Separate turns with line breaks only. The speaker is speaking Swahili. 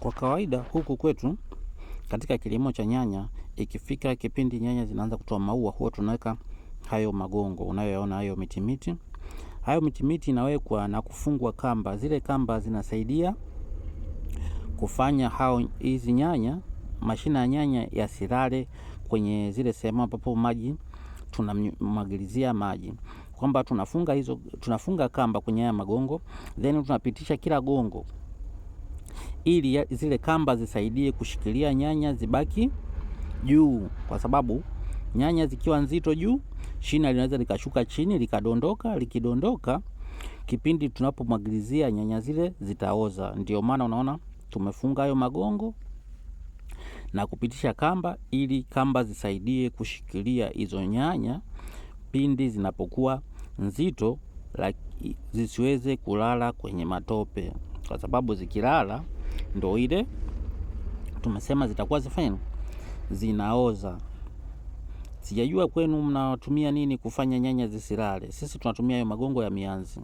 Kwa kawaida huku kwetu katika kilimo cha nyanya, ikifika kipindi nyanya zinaanza kutoa maua, huwa tunaweka hayo magongo unayoyaona hayo mitimiti. Hayo mitimiti inawekwa na kufungwa kamba. Zile kamba zinasaidia kufanya hao hizi nyanya, mashina ya nyanya yasilale kwenye zile sehemu ambapo maji tunamwagilizia maji, kwamba tunafunga hizo, tunafunga kamba kwenye haya magongo, then tunapitisha kila gongo ili zile kamba zisaidie kushikilia nyanya zibaki juu, kwa sababu nyanya zikiwa nzito juu, shina linaweza likashuka chini likadondoka. Likidondoka kipindi tunapomwagilizia, nyanya zile zitaoza. Ndio maana unaona tumefunga hayo magongo na kupitisha kamba ili kamba zisaidie kushikilia hizo nyanya pindi zinapokuwa nzito, zisiweze kulala kwenye matope, kwa sababu zikilala ndo ile tumesema zitakuwa zifanya zinaoza. Sijajua kwenu mnatumia nini kufanya nyanya zisilale. Sisi tunatumia hayo magongo ya mianzi.